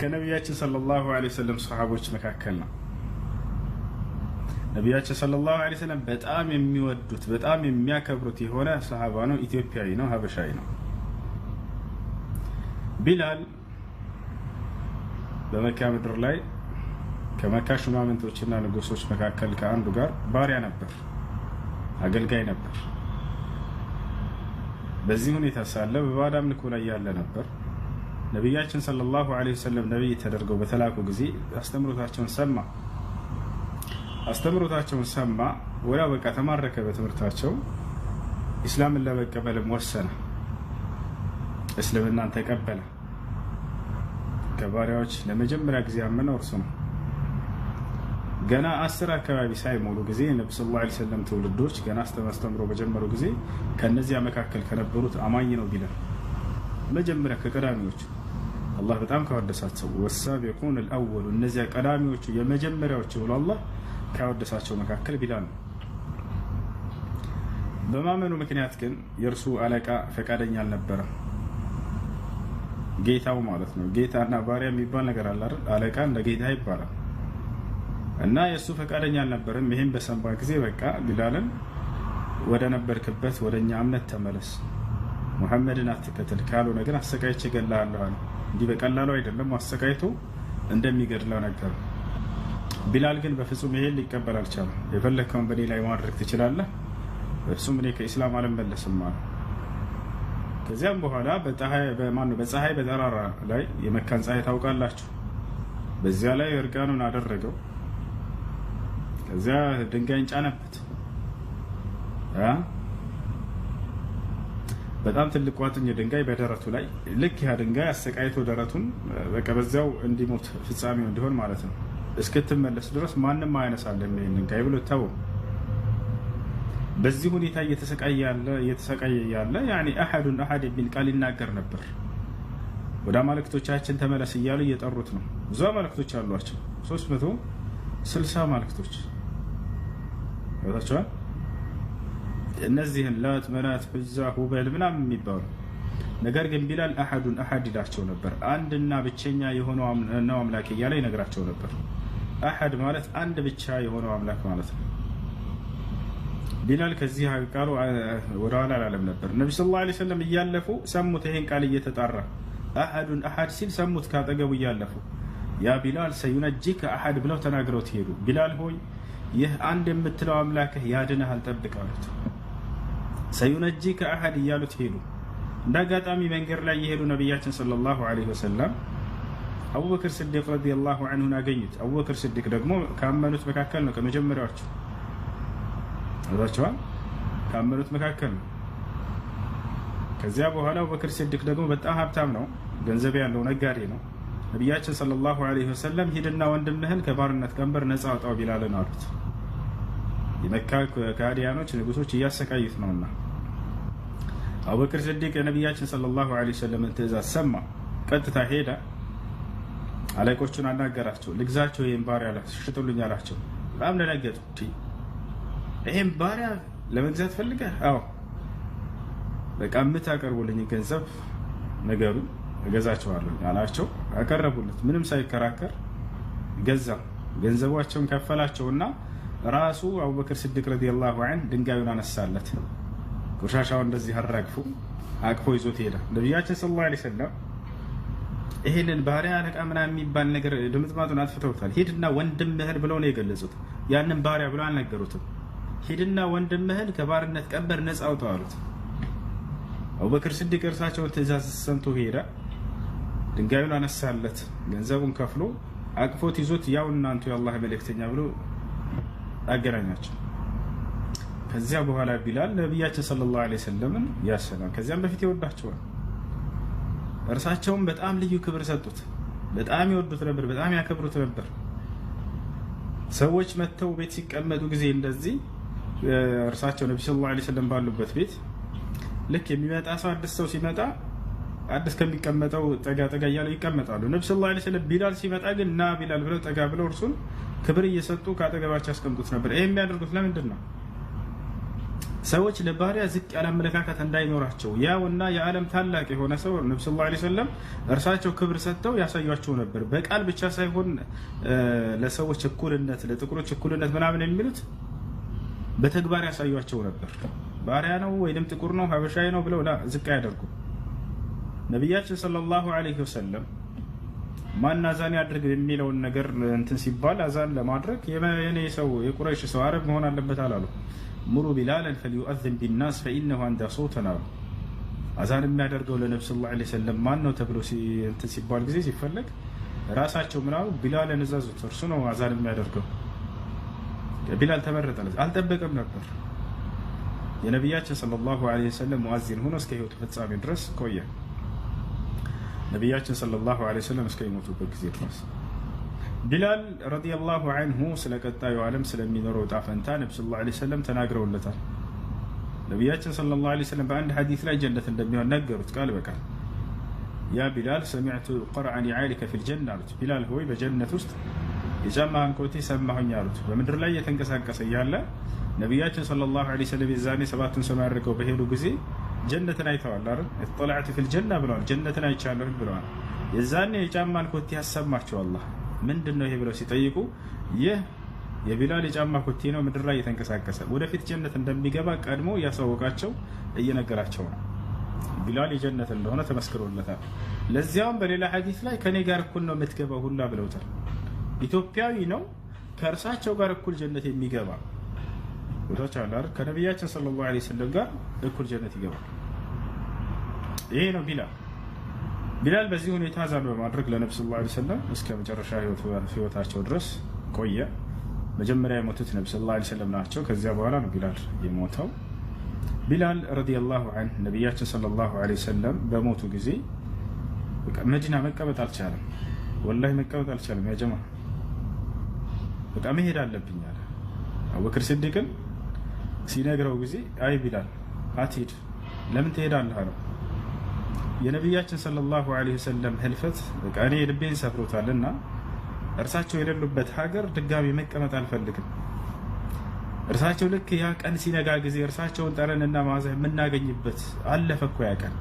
ከነቢያችን ሰለላሁ ዐለይሂ ወሰለም ሰሃቦች መካከል ነው። ነቢያችን ሰለላሁ ዐለይሂ ወሰለም በጣም የሚወዱት በጣም የሚያከብሩት የሆነ ሰሃባ ነው። ኢትዮጵያዊ ነው፣ ሀበሻዊ ነው። ቢላል በመካ ምድር ላይ ከመካ ሹማምንቶችና ንጉሶች መካከል ከአንዱ ጋር ባሪያ ነበር፣ አገልጋይ ነበር። በዚህ ሁኔታ ሳለ በባዕድ አምልኮ ላይ ያለ ነበር። ነቢያችን ሰለላሁ ዐለይሂ ወሰለም ነቢይ ተደርገው በተላኩ ጊዜ አስተምሮታቸውን ሰማ አስተምሮታቸውን ሰማ። ወዲያው በቃ ተማረከ በትምህርታቸው። ኢስላምን ለመቀበልም ወሰነ። እስልምናን ተቀበለ። ከባሪያዎች ለመጀመሪያ ጊዜ ያመነው እርሱ ነው። ገና አስር አካባቢ ሳይሞሉ ጊዜ ነቢ ስ ላ ሰለም ትውልዶች ገና አስተምሮ በጀመሩ ጊዜ ከእነዚያ መካከል ከነበሩት አማኝ ነው ቢለን መጀመሪያ ከቀዳሚዎቹ አላህ በጣም ካወደሳቸው ወሳቢቁን አልአወሉ እነዚያ ቀዳሚዎቹ የመጀመሪያዎቹ ብሎ አላህ ካወደሳቸው መካከል ቢላል ነው። በማመኑ ምክንያት ግን የእርሱ አለቃ ፈቃደኛ አልነበረም። ጌታው ማለት ነው። ጌታና ባሪያ የሚባል ነገር አለ አይደል? አለቃ እንደ ጌታ ይባላል። እና የእሱ ፈቃደኛ አልነበረም። ይህም በሰንባ ጊዜ በቃ ቢላልን ወደ ነበርክበት ወደ እኛ እምነት ተመለስ ሙሐመድን አትከተል ካልሆነ ግን አሰቃይቼ እገልሃለሁ አለ። እንዲህ በቀላሉ አይደለም አሰቃይቶ እንደሚገድለው ነገር ቢላል ግን በፍጹም ይሄን ሊቀበል አልቻለም። የፈለግከውን በእኔ ላይ ማድረግ ትችላለህ፣ በፍጹም እኔ ከኢስላም አልመለስም አለ። ከዚያም በኋላ በፀሐይ በጠራራ ላይ የመካን ፀሐይ ታውቃላችሁ፣ በዚያ ላይ እርቃኑን አደረገው። ከዚያ ድንጋይን ጫነበት? በጣም ትልቅ ቋጥኝ ድንጋይ በደረቱ ላይ ልክ ያ ድንጋይ አሰቃይቶ ደረቱን በቃ በዚያው እንዲሞት ፍጻሜው እንዲሆን ማለት ነው። እስክትመለስ ድረስ ማንም አያነሳለም ይህን ድንጋይ ብሎ ተው። በዚህ ሁኔታ እየተሰቃየ ያለ ያኔ አሐዱን አሐድ የሚል ቃል ይናገር ነበር። ወደ አማልክቶቻችን ተመለስ እያሉ እየጠሩት ነው። ብዙ አማልክቶች አሏቸው፣ 360 አማልክቶች ታቸዋል እነዚህን ላት፣ መናት፣ ዑዛ፣ ሁበል ምናምን የሚባሉ ነገር ግን ቢላል አሐዱን አሐድ ይላቸው ነበር። አንድና ብቸኛ የሆነው አምላክ እያለ ይነግራቸው ነበር። አሐድ ማለት አንድ ብቻ የሆነው አምላክ ማለት ነው። ቢላል ከዚህ ቃሉ ወደኋላ አላለም ነበር። ነቢ ስ ላ ሰለም እያለፉ ሰሙት። ይሄን ቃል እየተጣራ አሐዱን አሐድ ሲል ሰሙት። ካጠገቡ እያለፉ ያ ቢላል ሰዩነጂከ አሐድ ብለው ተናግረው ትሄዱ። ቢላል ሆይ ይህ አንድ የምትለው አምላክህ ያድነህ አልጠብቅ አሉት። ሰዩነጂ ከአሀድ እያሉት ሄዱ። እንደ አጋጣሚ መንገድ ላይ የሄዱ ነቢያችን ሰለላሁ ዐለይሂ ወሰለም አቡበክር ስዲቅ ረዲየላሁ አንሁን አገኙት። አቡበክር ስዲቅ ደግሞ ካመኑት መካከል ነው፣ ከመጀመሪያዎቹ ዛቸዋል ካመኑት መካከል ነው። ከዚያ በኋላ አቡበክር ስዲቅ ደግሞ በጣም ሀብታም ነው፣ ገንዘብ ያለው ነጋዴ ነው። ነቢያችን ሰለላሁ ዐለይሂ ወሰለም ሂድና ወንድምህን ከባርነት ቀንበር ነፃ አውጣው ቢላለን አሉት። የመካ ከሃዲያኖች ንጉሶች እያሰቃዩት ነውና አቡበክር ስዲቅ የነቢያችን ሰለላሁ ዐለይሂ ወሰለምን ትእዛዝ ሰማ። ቀጥታ ሄዳ አለቆቹን አናገራቸው። ልግዛቸው ይህም ባሪያ ሽጡልኝ አላቸው። በጣም ደነገጡ። ይህም ባሪያ ለመግዛት ፈልገ? አዎ። በቃ የምታቀርቡልኝ ገንዘብ ነገሩ እገዛቸዋለሁ አላቸው። አቀረቡለት። ምንም ሳይከራከር ገዛ። ገንዘቧቸውን ከፈላቸውና ራሱ አቡበክር ስድቅ ረዲየላሁ ዐንሁ ድንጋዩን አነሳለት። ቆሻሻው እንደዚህ አራግፎ አቅፎ ይዞት ሄደ። ነቢያችን ሰለላሁ ዐለይሂ ወሰለም ይህንን ባሪያ አለቃ ምናምን የሚባል ነገር ድምጥማጡን አጥፍተውታል። ሂድና ወንድምህን ብለው ነው የገለጹት። ያንን ባሪያ ብለው አልነገሩትም። ሂድና ወንድምህን ከባርነት ቀንበር ነፃ አውጣው አሉት። አቡበክር ስድቅ እርሳቸውን ትእዛዝ ሰምቶ ሄደ። ድንጋዩን አነሳለት። ገንዘቡን ከፍሎ አቅፎት ይዞት ያው እናንቱ የአላህ መልእክተኛ ብሎ አገናኛቸው። ከዚያ በኋላ ቢላል ነቢያችን ሰለላሁ ዓለይሂ ወሰለምን ያሰላም ከዚያም በፊት ይወዳቸዋል። እርሳቸውም በጣም ልዩ ክብር ሰጡት። በጣም ይወዱት ነበር፣ በጣም ያከብሩት ነበር። ሰዎች መጥተው ቤት ሲቀመጡ ጊዜ እንደዚህ እርሳቸው ነቢ ሰለላሁ ዓለይሂ ወሰለም ባሉበት ቤት ልክ የሚመጣ ሰው አዲስ ሰው ሲመጣ አዲስ ከሚቀመጠው ጠጋ ጠጋ እያለው ይቀመጣሉ። ነቢ ሰለላሁ ዓለይሂ ወሰለም ቢላል ሲመጣ ግን ና ቢላል ብለው ጠጋ ብለው እርሱን ክብር እየሰጡ ከአጠገባቸው ያስቀምጡት ነበር። ይህ የሚያደርጉት ለምንድን ነው? ሰዎች ለባሪያ ዝቅ ያለ አመለካከት እንዳይኖራቸው ያውና የዓለም ታላቅ የሆነ ሰው ነብ ስ ላ ሰለም እርሳቸው ክብር ሰጥተው ያሳያቸው ነበር። በቃል ብቻ ሳይሆን ለሰዎች እኩልነት፣ ለጥቁሮች እኩልነት ምናምን የሚሉት በተግባር ያሳያቸው ነበር። ባሪያ ነው ወይም ጥቁር ነው ሀበሻዊ ነው ብለው ዝቅ አያደርጉም። ነቢያችን ሰለላሁ ዐለይሂ ወሰለም ማን አዛን ያድርግ የሚለውን ነገር እንትን ሲባል አዛን ለማድረግ የኔ ሰው የቁረይሽ ሰው አረብ መሆን አለበት አላሉ። ሙሩ ቢላለን ፈሊዩአዝን ቢናስ ፈኢነሁ አንዳ ሶውተን አሉ። አዛን የሚያደርገው ለነብ ስ ላ ሰለም ማን ነው ተብሎ እንትን ሲባል ጊዜ ሲፈለግ ራሳቸው ምናሉ ቢላለን እዛዙት፣ እርሱ ነው አዛን የሚያደርገው። ቢላል ተመረጠለ አልጠበቀም ነበር። የነቢያችን ሰለላሁ ዐለይሂ ወሰለም ሙአዚን ሆኖ እስከ ህይወቱ ፍጻሜ ድረስ ቆየ። ነቢያችን ሰለላሁ ዐለይሂ ወሰለም እስከሚሞቱበት ጊዜ ድረስ ቢላል ረዲየላሁ አንሁ ስለ ቀጣዩ ዓለም ስለሚኖረው ዕጣ ፈንታ ነቢ ሰለላሁ ዐለይሂ ወሰለም ተናግረውለታል። ነቢያችን ሰለላሁ ዐለይሂ ወሰለም በአንድ ሐዲስ ላይ ጀነት እንደሚሆን ነገሩት ቃል በቃል። ያ ቢላል ሰሚዕቱ ቀርዐ ኒዓሊከ ፊል ጀና አሉት። ቢላል ሆይ በጀነት ውስጥ የጫማ ኮቴ ሰማሁኝ አሉት። በምድር ላይ እየተንቀሳቀሰ እያለ ነቢያችን ሰለላሁ ዐለይሂ ወሰለም የዛኔ ሰባቱን ሰማይ አድርገው በሄዱ ጊዜ ጀነትን አይተዋል አይደል? ኢጥለዐቱ ፊል ጀና ብለዋል። ጀነትን አይቻለሁ ብለዋል። የዛኔ የጫማን ኮቴ ያሰማቸው አላህ ምንድን ነው ይሄ ብለው ሲጠይቁ ይህ የቢላል የጫማ ኮቴ ነው ምድር ላይ እየተንቀሳቀሰ ወደፊት ጀነት እንደሚገባ ቀድሞ እያሳወቃቸው እየነገራቸው ነው። ቢላል የጀነት እንደሆነ ተመስክሮለታል። ለዚያውም በሌላ ሐዲስ ላይ ከኔ ጋር እኩል ነው የምትገባው ሁላ ብለውታል። ኢትዮጵያዊ ነው ከእርሳቸው ጋር እኩል ጀነት የሚገባ ቦታዎች አሉ። ከነቢያችን ሰለላሁ ዐለይሂ ወሰለም ጋር እኩል ጀነት ይገባል። ይሄ ነው ቢላል። ቢላል በዚህ ሁኔታ ዛን በማድረግ ለነብስ ላ ሰለም እስከ መጨረሻ ህይወታቸው ድረስ ቆየ። መጀመሪያ የሞቱት ነብስ ላ ሰለም ናቸው። ከዚያ በኋላ ነው ቢላል የሞተው። ቢላል ረዲየላሁ አንሁ ነቢያችን ሰለላሁ ዐለይሂ ወሰለም በሞቱ ጊዜ መዲና መቀመጥ አልቻለም። ወላሂ መቀመጥ አልቻለም። ያጀማ በቃ መሄድ አለብኝ አለ። አቡበክር ስዲቅን ሲነግረው ጊዜ አይ ቢላል አትሄድ፣ ለምን ትሄዳለህ አለው። የነቢያችን ሰለላሁ ዐለይሂ ወሰለም ህልፈት በቃ እኔ ልቤን ሰፍሮታልና እርሳቸው የሌሉበት ሀገር ድጋሚ መቀመጥ አልፈልግም። እርሳቸው ልክ ያ ቀን ሲነጋ ጊዜ እርሳቸውን ጠረንና ማዛ የምናገኝበት አለፈ እኮ ያ ቀን።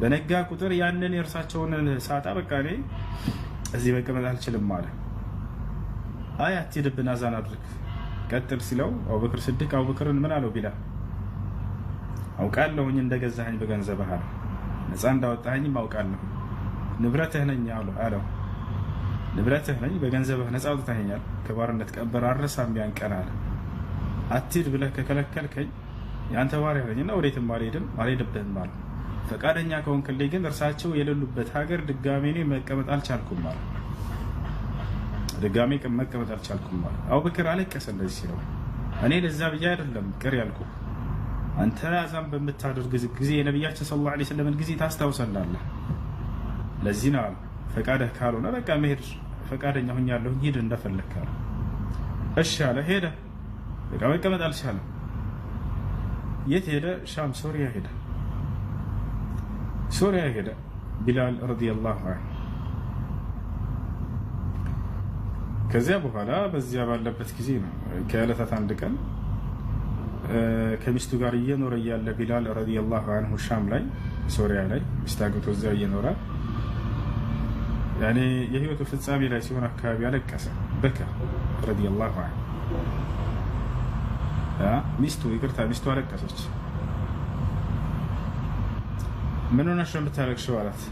በነጋ ቁጥር ያንን የእርሳቸውን ሳጣ በቃ እኔ እዚህ መቀመጥ አልችልም አለ። አይ አትሄድብን፣ አዛን አድርግ ቀጥል ሲለው አቡበክር ስድቅ አቡበክርን ምን አለው? ቢላል አውቃለሁኝ እንደገዛኸኝ በገንዘብህ አለ። ነፃ እንዳወጣኝ አውቃለሁ። ንብረትህ ነኝ አለው። ንብረትህ ነኝ፣ በገንዘብህ ነፃ አውጥታኛል። ከባርነት ቀንበር አረሳም ያን ቀን አለ። አትሂድ ብለህ ከከለከልከኝ የአንተ ባሪያ ነኝና ወዴትም አልሄድም አልሄድብህም አለ። ፈቃደኛ ከሆንክልኝ ግን እርሳቸው የሌሉበት ሀገር ድጋሜ እኔ መቀመጥ አልቻልኩም አለ። ድጋሜ መቀመጥ አልቻልኩም አለ። አቡበክር አለቀሰ እንደዚህ ሲለው እኔ ለዛ ብዬ አይደለም ቅር ያልኩ አንተ አዛን በምታደርግ ጊዜ የነቢያችን ስለ ላ ስለምን ጊዜ ታስታውሰላለህ። ለዚህ ነው አሉ ፈቃደህ ካልሆነ በቃ መሄድ ፈቃደኛ ሁኛለሁ ሂድ እንደፈለግ ካሉ እሺ አለ ሄደ። በቃ መቀመጥ አልቻለም። የት ሄደ? ሻም ሶሪያ ሄደ። ሶሪያ ሄደ። ቢላል ረዲየላሁ አንሁ ከዚያ በኋላ በዚያ ባለበት ጊዜ ነው ከዕለታት አንድ ቀን ከሚስቱ ጋር እየኖረ እያለ ቢላል ረዲየላሁ አንሁ ሻም ላይ ሶሪያ ላይ ሚስት አግብቶ እዛ እየኖረ ያኔ የህይወቱ ፍጻሜ ላይ ሲሆን አካባቢ አለቀሰ፣ በከ ረዲየላሁ አንሁ። ሚስቱ ይቅርታ፣ ሚስቱ አለቀሰች። ምን ሆነሽ ነው የምታለቅሽው አላት።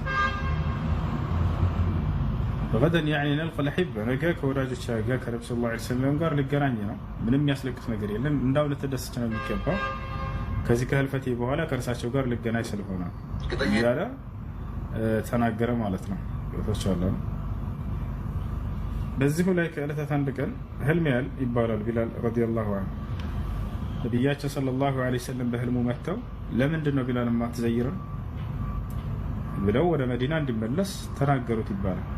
በበደን ያኔ ነልቅ ለሕበ ነገ ከወዳጆቻችን ጋር ከነቢ ስ ላ ሰለም ጋር ልገናኝ ነው። ምንም የሚያስለቅስ ነገር የለም። እንዳው ልትደስች ነው የሚገባው። ከዚህ ከህልፈቴ በኋላ ከእርሳቸው ጋር ልገናኝ ስለሆነ እያለ ተናገረ ማለት ነው። ቶቻለ በዚሁ ላይ ከዕለታት አንድ ቀን ህልም ያል ይባላል ቢላል ረዲየላሁ አንሁ ነቢያችን ሰለላሁ ዐለይሂ ወሰለም በህልሙ መጥተው ለምንድን ነው ቢላል ማትዘይርም ብለው ወደ መዲና እንዲመለስ ተናገሩት ይባላል።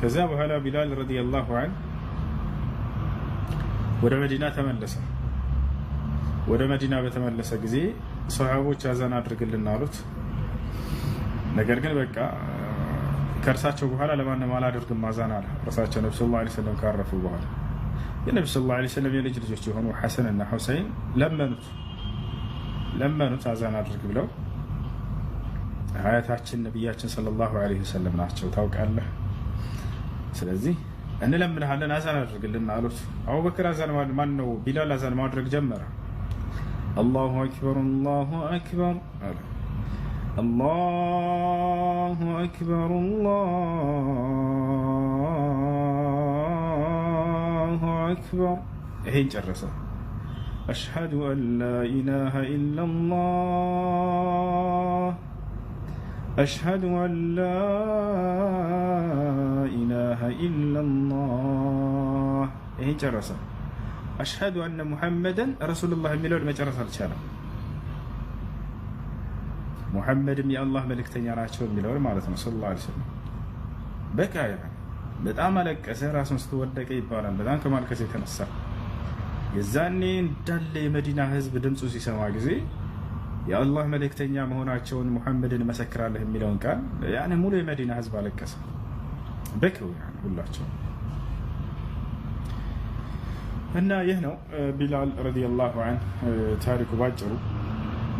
ከዚያ በኋላ ቢላል ረዲየላሁ አን ወደ መዲና ተመለሰ። ወደ መዲና በተመለሰ ጊዜ ሰሃቦች አዛን አድርግልን አሉት። ነገር ግን በቃ ከእርሳቸው በኋላ ለማንም አላደርግም አዛን አለ። እርሳቸው ነቢ ሰለላሁ ዓለይሂ ወሰለም ካረፉ በኋላ የነቢ ሰለላሁ ዓለይሂ ወሰለም የልጅ ልጆች የሆኑ ሐሰን እና ሁሰይን ለመኑት ለመኑት አዛን አድርግ ብለው አያታችን ነቢያችን ሰለላሁ ዓለይሂ ወሰለም ናቸው ታውቃለህ ስለዚህ እንለምንሃለን አዛን አድርግልን አሉት። አቡበክር አዛን ማን ነው? ቢላል አዛን ማድረግ ጀመረ። አላሁ አክበር አላሁ አክበር አለ። አላሁ አክበር አላሁ አክበር። ይሄን ጨረሰ። አሽሀዱ አን ላ ኢላሃ ኢላ አላህ أشهد أن لا إله إلا الله إيه جرس أشهد أن محمدا رسول الله ملون ما جرس الشارع محمد يا الله ملك تنيراتشون ملون معناتنا صلى الله عليه وسلم በቃ ይላል። በጣም አለቀሰ፣ ራሱን ስትወደቀ ይባላል። በጣም ከማልቀስ የተነሳ የዛኔ يزاني የመዲና مدينة ድምፁ دمسوسي ጊዜ የአላህ መልእክተኛ መሆናቸውን ሙሐመድን መሰክራለህ የሚለውን ቃል ያኔ ሙሉ የመዲና ህዝብ አለቀሰ። በክው ሁላቸው እና ይህ ነው ቢላል ረዲየላሁ አንሁ ታሪኩ ባጭሩ።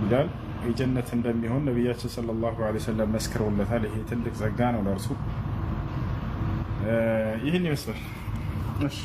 ቢላል የጀነት እንደሚሆን ነቢያችን ሰለላሁ ዐለይሂ ወሰለም መስክረውለታል። ይሄ ትልቅ ጸጋ ነው ለእርሱ። ይህን ይመስላል።